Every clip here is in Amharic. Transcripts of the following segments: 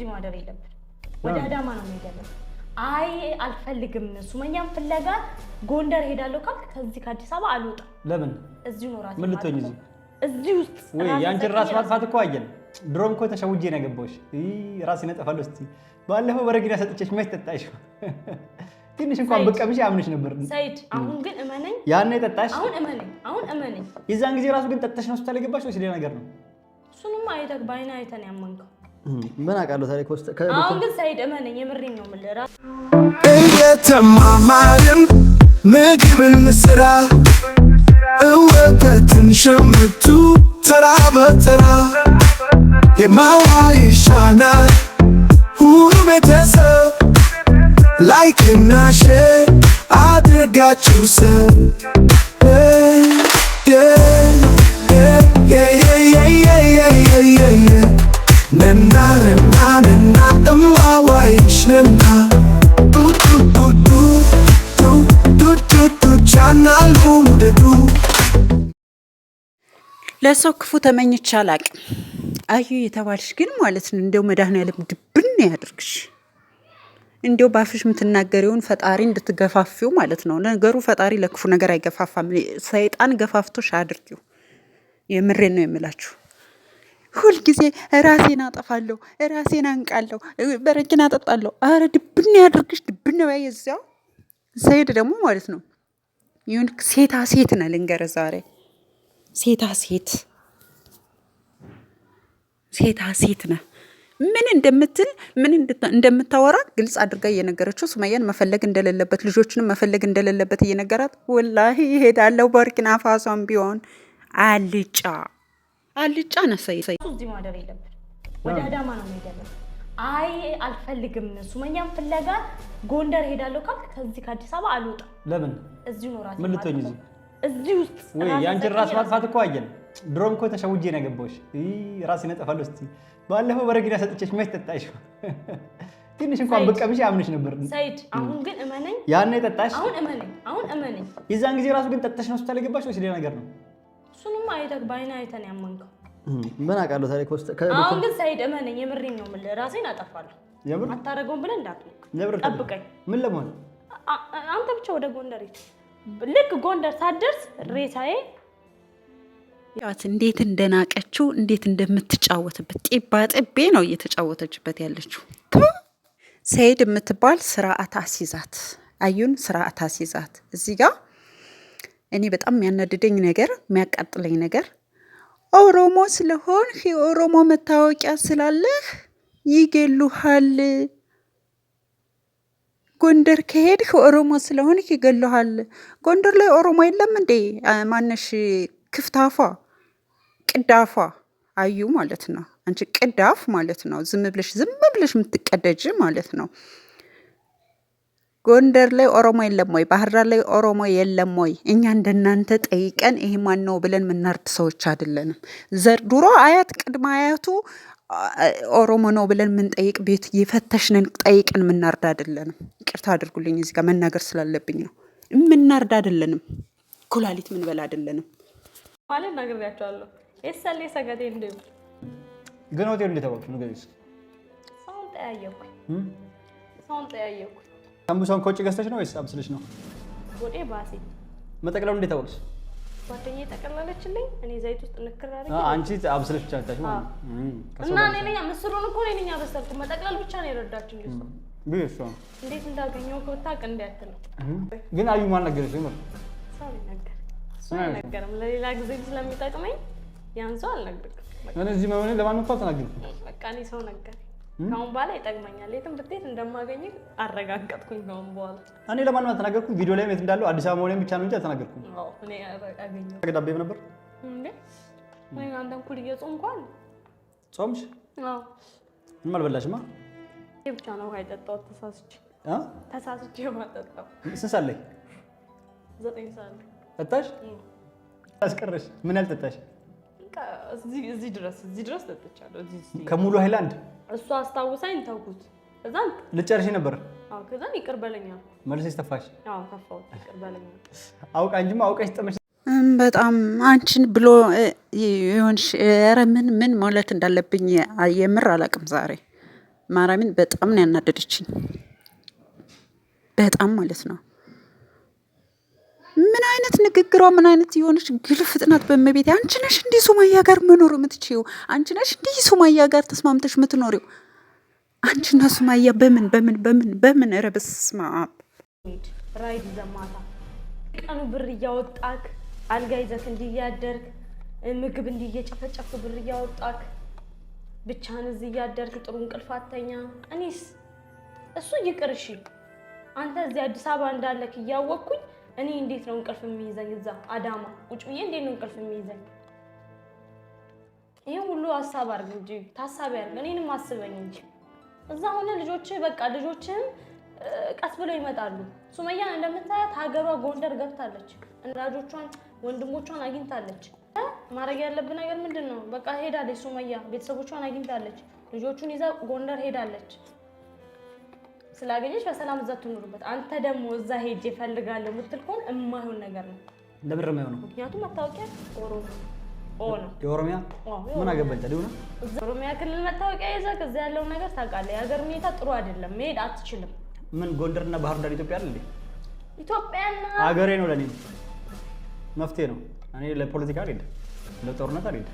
እዚህ ማደር የለብን። ወደ አዳማ ነው መሄድ አይ አልፈልግም፣ ሱመኛም ፍለጋ ጎንደር ሄዳለሁ ካልክ ከዚህ ከአዲስ አበባ አልወጣም። ለምን እዚሁ ነው ምን ልትሆኝ እዚህ እዚህ ውስጥ ወይ የአንቺን ራስ ማጥፋት እኮ አየን። ድሮም እኮ ተሸውጄ ነው ያገባሁሽ። ራስ ይነጠፋል እስኪ ባለፈው በረግዳ ሰጥቼሽ መች ጠጣሽ? ትንሽ እንኳን ብቀምሽ አምንሽ ነበር ሰይድ። አሁን ግን እመነኝ፣ ያኔ ጠጣሽ፣ አሁን እመነኝ፣ አሁን እመነኝ። የዛን ጊዜ ራሱ ግን ጠጥተሽ ነው ሆስፒታል የገባሽ ወይስ ሌላ ነገር ነው? እሱንም አይተህ በዓይንህ አይተን ያመንከው። ምን አውቃለሁ ታሪክ ውስጥ አሁን ግን ሳይድ እመነኝ፣ የምሬን ነው የምልህ። እየተማማርን ምግብን ስራ እወተትን ሸምቱ ተራ በተራ የማዋ ይሻናል ሁሉ ቤተሰብ ላይክና ሼር አድርጋችሁ ሰብ ለሰው ክፉ ተመኝቼ አላቅም። አዩ የተባልሽ ግን ማለት ነው እንደው መድኃኒዓለም ድብን ያድርግሽ። እንዲው ባፍሽ የምትናገሪውን ፈጣሪ እንድትገፋፊው ማለት ነው። ነገሩ ፈጣሪ ለክፉ ነገር አይገፋፋም። ሰይጣን ገፋፍቶሽ አድርጊው። የምሬን ነው የምላችሁ። ሁልጊዜ ራሴን አጠፋለሁ፣ ራሴን አንቃለሁ፣ በረኪና አጠጣለሁ። አረ ድብን ያድርግሽ፣ ድብን በይ። እዚያው ሰይድ ደግሞ ማለት ነው ይሁን ሴታ ሴት ነ ልንገረ ዛሬ ሴታ ሴት ሴታ ሴት ነ ምን እንደምትል ምን እንደምታወራ ግልጽ አድርጋ እየነገረችው ሱመያን መፈለግ እንደሌለበት ልጆችንም መፈለግ እንደሌለበት እየነገራት ወላሂ ይሄዳለው ቦርኪና ፋሶም ቢሆን አልጫ አልጫ ነሰይ እዚህ ማደር የለበት ወደ አዳማ ነው የሚሄደበት። አይ አልፈልግም፣ ሱመኛም ፍለጋ ጎንደር ሄዳለሁ ካልክ ከዚህ ከአዲስ አበባ አልወጣም። ለምን እዚሁ ኖራለሁ። ምን ልትሆኝ እዚህ እዚህ ውስጥ ወይ የአንቺን ራስ ማጥፋት እኮ አየን። ድሮም እኮ ተሸውጄ ነው ያገባሁሽ። ራስ ይነጠፋል። እስኪ ባለፈው በረግዳ ሰጥቼሽ መች ጠጣሽ? ትንሽ እንኳን ብቀምሽ አምንሽ ነበር። ሰይድ አሁን ግን እመነኝ፣ ያኔ ጠጣሽ፣ አሁን እመነኝ፣ አሁን እመነኝ። የዛን ጊዜ ራሱ ግን ጠጥተሽ ነው ሆስፒታል የገባሽ ወይስ ሌላ ነገር ነው? እሱንም አይተህ በዓይንህ አይተህ ነው ያመንከው። ምን አውቃለሁ ውስጥ አሁን ግን ሰይድ እመነኝ፣ የምሬን ነው የምልህ። ራሴን አጠፋለሁ። አታደርገውም ብለህ እንዳትሞክር፣ ጠብቀኝ። ምን ለመሆን አንተ ብቻ ወደ ጎንደር ሂድ ልክ ጎንደር ሳደርስ ሬሳዬ እንዴት እንደናቀችው እንዴት እንደምትጫወትበት ጤባ ጥቤ ነው እየተጫወተችበት ያለችው። ሰይድ የምትባል ስርዓት አሲዛት፣ አዩን ስርዓት አሲዛት። እዚህ ጋ እኔ በጣም የሚያናድደኝ ነገር የሚያቃጥለኝ ነገር ኦሮሞ ስለሆንህ የኦሮሞ መታወቂያ ስላለህ ይገሉሃል ጎንደር ከሄድህ ኦሮሞ ስለሆንክ ይገለሃል። ጎንደር ላይ ኦሮሞ የለም እንዴ? ማነሽ ክፍታፏ ቅዳፏ አዩ ማለት ነው። አንቺ ቅዳፍ ማለት ነው። ዝም ብለሽ ዝም ብለሽ የምትቀደጅ ማለት ነው። ጎንደር ላይ ኦሮሞ የለም ወይ? ባህር ዳር ላይ ኦሮሞ የለም ወይ? እኛ እንደናንተ ጠይቀን ይሄ ማን ነው ብለን የምናርድ ሰዎች አይደለንም። ዘር ድሮ አያት ቅድመ አያቱ ኦሮሞ ነው ብለን የምንጠይቅ ቤት የፈተሽነን ጠይቅን የምናርድ አይደለንም። ይቅርታ አድርጉልኝ እዚህ ጋር መናገር ስላለብኝ ነው። የምናርድ አይደለንም። ኩላሊት ምንበላ አይደለንም ማለት ነግሬያቸዋለሁ። የሰሌ ሰገቴ እንዲሁ ግን ሆቴሉ እንደተባሉ ንገሪ። ሰውን ጠያየኩኝ፣ ሰውን ጠያየኩኝ። ሳምቡሳውን ከውጭ ገዝተሽ ነው ወይስ አብስልሽ ነው? ጎዴ ባሴ መጠቅለሉ እንደተባሉት ጓደኛ ጠቀለለችልኝ። እኔ ዘይት ውስጥ ንክር አድርጌ አንቺ አብስለሽ ብቻ ታሽ እና እኔ ነኝ ምስሩን እኮ እኔ ነኝ ያበሰልኩት። መጠቅለል ብቻ ነው የረዳችኝ እሷ እንዴት እንዳገኘው ከታቅ እንዲያት ግን አዩ ማን ነገረሽ? ይመር ሰው ነገር ለሌላ ጊዜ ስለሚጠቅመኝ ያን አልነግርም። እኔ መሆኔ ለማንም እኮ አልተናገርኩም። በቃ እኔ ሰው ነገር ከአሁን በኋላ ይጠቅመኛል። የትም ብትሄድ እንደማገኝ አረጋገጥኩኝ። ከአሁን በኋላ እኔ ለማንም አልተናገርኩም። ቪዲዮ ላይ የት እንዳለው አዲስ አበባ መሆኔን ብቻ ነው እንጂ አልተናገርኩም። ዳቤም ነበር እንዴ? አንተን ኩል እየጾምኳል። ጾምሽ? ምንም አልበላሽማ። ብቻ ነው ውሃ የጠጣሁት። ተሳስቼ ተሳስቼ የማጠጣው ስንት ሰዓት ላይ? ዘጠኝ ሰዓት ጠጣሽ? አስቀረሽ። ምን ያህል ጠጣሽ? እዚህ ድረስ እዚህ ድረስ ጠጥቻለሁ። ከሙሉ ሃይላንድ እሱ አስታውሳኝ ተውኩት። ከዛም ልጨርሽ ነበር። አዎ ከዛም ይቅር በለኝ አልኩት። መልሰሽ አውቃ እንጂ አውቀሽ ጠመሽ በጣም አንቺን ብሎ ይሁንሽ። ኧረ ምን ምን ማለት እንዳለብኝ የምር አላውቅም። ዛሬ ማርያምን በጣም ነው ያናደደችኝ። በጣም ማለት ነው ምን አይነት ንግግሯ ምን አይነት የሆነች ግልፍጥ ናት! በመቤት አንቺ ነሽ እንዲህ ሱማያ ጋር መኖር የምትችይው? አንቺ ነሽ እንዲህ ሱማያ ጋር ተስማምተሽ የምትኖሪው? አንቺና ሱማያ በምን በምን በምን በምን ረብስ ማብ ራይድ ዘማታ ቀኑ ብር እያወጣክ አልጋ ይዘክ እንዲያደርግ ምግብ እንዲየጨፈጨፍ ብር እያወጣክ ብቻን እዚህ እያደርግ ጥሩ እንቅልፍ አተኛ። እኔስ እሱ ይቅርሽ አንተ እዚህ አዲስ አበባ እንዳለክ እያወቅኩኝ እኔ እንዴት ነው እንቅልፍ የሚይዘኝ? እዛ አዳማ ቁጭ ብዬ እንዴት ነው እንቅልፍ የሚይዘኝ? ይህ ሁሉ ሀሳብ አድርግ እንጂ ታሳቢ አድርግ፣ እኔንም አስበኝ እንጂ እዛ ሆነ ልጆች በቃ ልጆችም ቀስ ብለው ይመጣሉ። ሱመያን እንደምታያት ሀገሯ ጎንደር ገብታለች፣ እንዳጆቿን ወንድሞቿን አግኝታለች። ማድረግ ያለብን ነገር ምንድን ነው? በቃ ሄዳለች ሱመያ ቤተሰቦቿን አግኝታለች። ልጆቹን ይዛ ጎንደር ሄዳለች። ስላገኘች በሰላም እዛ ትኖርበት። አንተ ደግሞ እዛ ሄጅ እፈልጋለሁ የምትል ከሆነ የማይሆን ነገር ነው፣ ለብር የማይሆን ነው። ምክንያቱም መታወቂያ የኦሮሚያ ምን አገባኝ ታዲያ ኦሮሚያ ክልል መታወቂያ ይዘህ እዚያ ያለውን ነገር ታውቃለህ። የሀገር ሁኔታ ጥሩ አይደለም፣ መሄድ አትችልም። ምን ጎንደርና ባህር ዳር ኢትዮጵያ አለ አይደል? ኢትዮጵያና ሀገሬ ነው። ለኔ መፍትሄ ነው። እኔ ለፖለቲካ አይደል፣ ለጦርነት አይደል።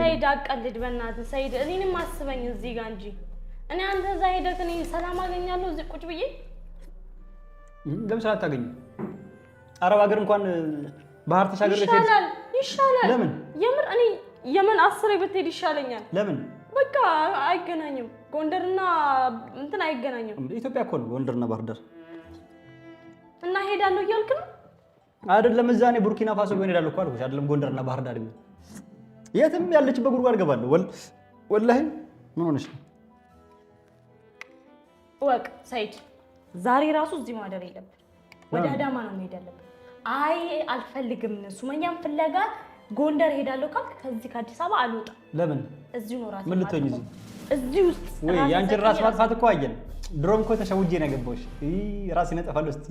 ሰይድ አቀልድ፣ በእናትህ ሰይድ፣ እኔንም አስበኝ እዚህ ጋር እንጂ እኔ አንተ እዛ ሄደህ እኔ ሰላም አገኛለሁ እዚህ ቁጭ ብዬ ለምን ሰላም አታገኝም? አረብ ሀገር እንኳን ባህር ተሻገር ይሻላል ይሻላል። ለምን የምር እኔ የምን አስሬ ብትሄድ ይሻለኛል። ለምን በቃ አይገናኝም። ጎንደርና እንትን አይገናኝም። ኢትዮጵያ እኮ ነው ጎንደርና ባህር ዳር እና ሄዳለሁ እያልክ ነው አይደለም? እዛ እኔ ቡርኪና ፋሶ ቢሆን ሄዳለሁ እኮ አልኩሽ። አይደለም ጎንደርና ባህር ዳር የትም ያለችበት ጉድጓድ ገባለሁ። ወላሂ ምን ሆነሽ ነው እወቅ ሰይድ፣ ዛሬ ራሱ እዚህ ማደር የለብን። ወደ አዳማ ነው መሄድ ያለብን። አይ አልፈልግም፣ ሱመኛም ፍለጋ ጎንደር ሄዳለሁ ካልክ ከዚህ ከአዲስ አበባ አልወጣም። ለምን? እዚሁ ነው ራስ ምን ልትሆኝ እዚህ እዚህ ውስጥ ወይ ያንቺን ራስ ማጥፋት እኮ አየን። ድሮም እኮ ተሸውጄ ነው ያገባሁሽ። ራስ ይነጠፋል። እስኪ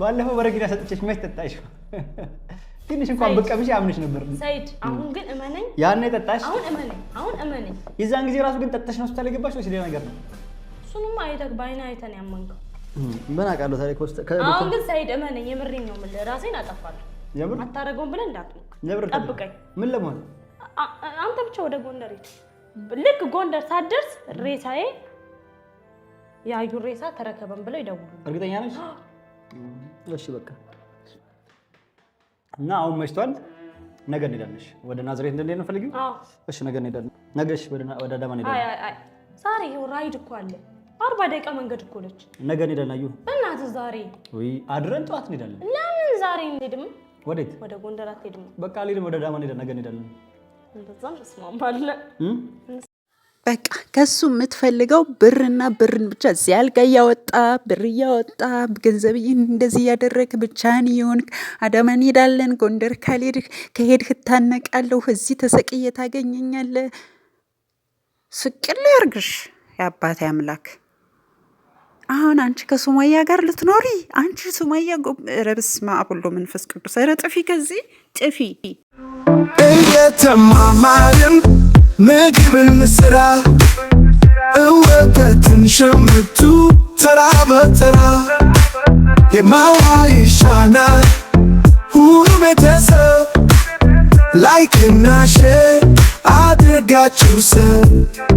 ባለፈው በረኪና ሰጥቼሽ መች ጠጣሽ? ትንሽ እንኳን ብቀምሽ አምንሽ ነበር ሰይድ። አሁን ግን እመነኝ፣ ያኔ ጠጣሽ። አሁን እመነኝ፣ አሁን እመነኝ። የዛን ጊዜ ራሱ ግን ጠጥተሽ ነው ሆስፒታል የገባሽ ወይስ ሌላ ነገር ነው? እሱንም አይተህ በአይን አይተህ ነው ያመንከው። ምን አውቃለሁ ታሪክ ውስጥ አሁን ግን ሳይድ እመነኝ፣ የምሬን ነው የምልህ። ራሴን አጠፋለሁ። የምር አታደርገውም ብለህ እንዳትሞክር፣ ጠብቀኝ። ምን ለመሆን አንተ ብቻ ወደ ጎንደር ሂድ። ልክ ጎንደር ሳትደርስ ሬሳዬ የአዩን ሬሳ ተረከበን ብለው ይደውሉ። እርግጠኛ ነሽ? እሺ በቃ እና አሁን መሽቷል። ነገ እንሄዳለሽ ወደ ናዝሬት እንደሌለ ፈልጊ። እሺ ነገ እንሄዳለን። ነገሽ ወደ አዳማ እንሄዳለን። ዛሬ ይኸው ራይድ እኮ አለ አርባ ደቂቃ መንገድ እኮ ነች። ነገ እንሄዳለን። አየሁ እናትህ ዛሬ ወይ አድረን ጠዋት እንሄዳለን። ለምን ዛሬ እንሄድም? ወዴት? ወደ ጎንደር አትሄድም? በቃ አልሄድም። ወደ ዳማ እንሄዳለን። ነገ እንሄዳለን። እንደዛም ተስማማለን። በቃ ከሱ የምትፈልገው ብርና ብርን ብቻ። እዚያ አልጋ እያወጣ ብር እያወጣ ገንዘብ እንደዚህ እያደረግ ብቻህን እየሆንክ አዳማ እንሄዳለን። ጎንደር ካልሄድህ ከሄድህ እታነቃለሁ። እዚህ ተሰቅዬ ታገኘኛለህ። ስቅል ያርግሽ የአባት አምላክ። አሁን አንቺ ከሱማያ ጋር ልትኖሪ አንቺ ሱማያ ረብስማ አቡሎ መንፈስ ቅዱስ ረ ጥፊ ከዚህ ጥፊ እየተማማርን ምግብን ስራ እወተትን ሸምቱ ተራ በተራ የማዋ ይሻናል ሁሉ ቤተሰብ ላይክና ሼር አድርጋችሁ ሰብ